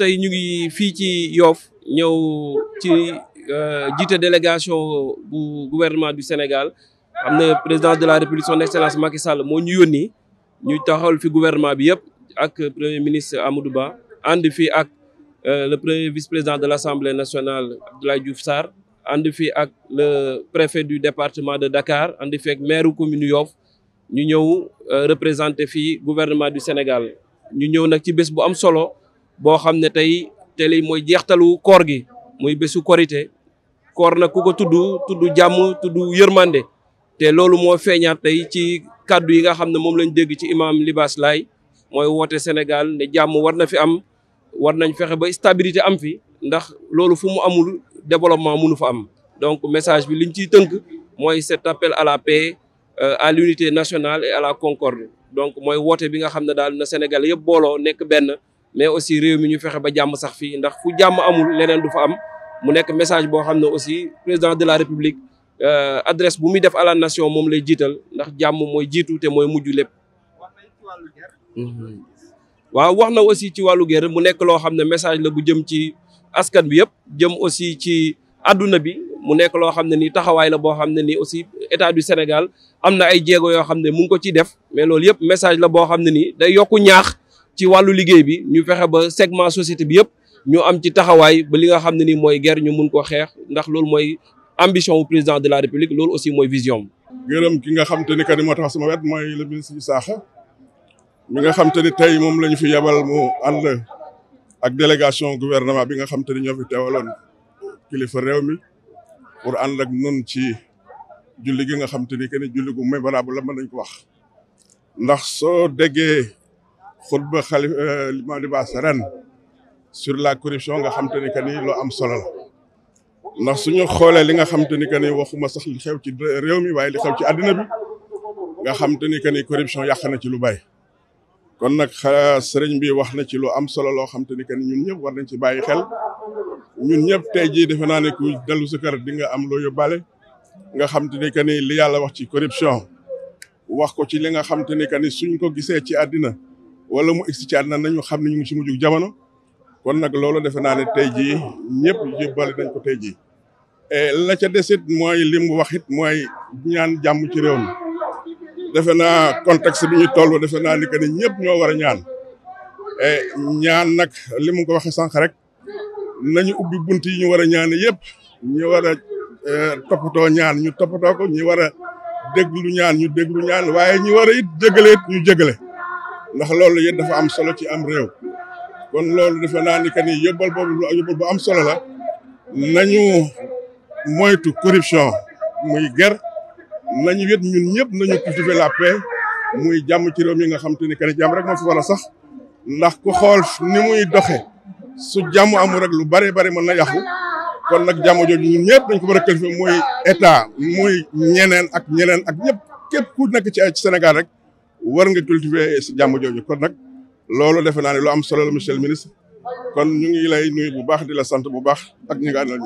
tay ñu ngi fi ci Yoff ñew ci euh, délégation bu gouvernement du Sénégal Amné, président de la République son excellence Macky Sall mo ñu yoni ñu fi gouvernement bi yépp ak premier ministre Amadou Ba ànd fi ak euh, le premier vice-président de l'Assemblée nationale Abdoulaye Diouf Sarr ànd fi ak le préfet du département de Dakar ànd fi ak maire commune Yoff ñu ñew euh, représenter fi gouvernement du Sénégal ñu ñew nak ci bës bu am solo boo xam ne tey tele li mooy jeextalu koor gi muy bésu korité koor nag ku ko tudd jàmm tudd yërmande te loolu moo feeñaat tey ci kàddu yi nga xam ne moom lañ dégg ci imam Libaas Laay mooy woote Sénégal ne jàmm war na fi am war nañ fexe ba stabilité am fi ndax loolu fu mu amul développement mënu fa am donc message bi liñ ciy tënk mooy cet appel à la paix euh, à l'unité nationale et à la concorde donc mooy woote bi nga xam ne daal na Sénégal yëpp booloo nekk benn mais aussi réew mi ñu fexe ba jàmm sax fii ndax fu jàmm amul leneen du fa am mu nekk message boo xam ne aussi président de la république euh, adresse bu muy def à moom lay jiital ndax jàmm mooy jiitu mooy mujj lépp. Mm-hmm. wax na aussi ci wàllu guerre mu nekk loo xam ne message la bu jëm ci askan bi yëpp jëm aussi ci àdduna bi mu nekk loo xam ne ni taxawaay la boo xam ne ni aussi état du Sénégal am na ay jéego yoo xam ne mu ngi ko ciy def mais loolu yëpp message la boo xam ne nii day yokku ñaax. ci wàllu liggéey bi ñu fexe ba segment société bi yëpp ñu am ci taxawaay ba li nga xam ne ni mooy guerre ñu mun ko xeex ndax loolu mooy ambition wu président de la république loolu aussi mooy vision gërëm ki nga xam ni que ni moo tax sama wet mooy le ministre mi nga xam te ni tey moom lañu fi yebal moo ànd ak délégation gouvernement bi nga xam te ni ñoo fi teewaloon kilifa réew mi pour ànd ak nun ci julli gi nga xam te ni que ni julli gu mémorable la mën nañ ko wax ndax soo déggee xutba xalif euh, Maodo Bass ren sur la corruption nga xam te ni que ni lu am solo la ndax suñu xoolee li nga xam te ni que ni waxuma sax li xew ci réew mi waaye li xew ci àddina bi nga xam te ni que ni corruption yàq na ci lu bari. kon nag sëriñ bi wax na ci loo am solo loo xam te ni que ni ñun ñëpp war nañ ci bàyyi xel ñun ñëpp tey jii defe naa ne ku dellu sa kër di nga am loo yóbbaale nga xam te ni que ni li yàlla wax ci corruption wax ko ci li nga xam te ni que ni suñ ko gisee ci àddina. wala mu egsi ci àddina nañu xam ne ñu ngi ci mujj jamono kon nag loolu defe naa ne tey jii ñëpp jébbale nañ ko tey jii e, la ca desit mooy li mu wax it mooy ñaan jàmm ci réew mi defe naa contexte bi ñu toll defe naa ni que ni ñëpp ñoo war a ñaan e, ñaan nag limu mu ko waxee sànq rek nañu ubbi bunt yi ñu war a ñaan yëpp ñu war a e, toppatoo ñaan ñu toppatoo ko ñu war a déglu ñaan ñu déglu ñaan waaye ñu war a it jégale it ñu jégale ndax loolu yëpp dafa am solo ci am réew kon loolu defe naa ni que ni yóbbal boobu yóbbal bu am solo la nañu moytu corruption muy ger nañu wét ñun ñëpp nañu cultiver la paix muy jàmm ci réew mi nga xam te ni que ni jàmm rek moo fi war a sax ndax ku xool ni muy doxe su jàmm amul rek lu bari bari mën na yàqu kon nag jàmm jooju ñun ñëpp dañ ko war a cultiver muy état muy ñeneen ak ñeneen ak ñëpp képp ku nekk ci Sénégal rek war nga cultiver si jàmm jooju kon nag loolu defe naa ne lu am solo la monsieur le ministre kon ñu ngi lay nuyu bu baax di la sant bu baax ak ñi nga àndal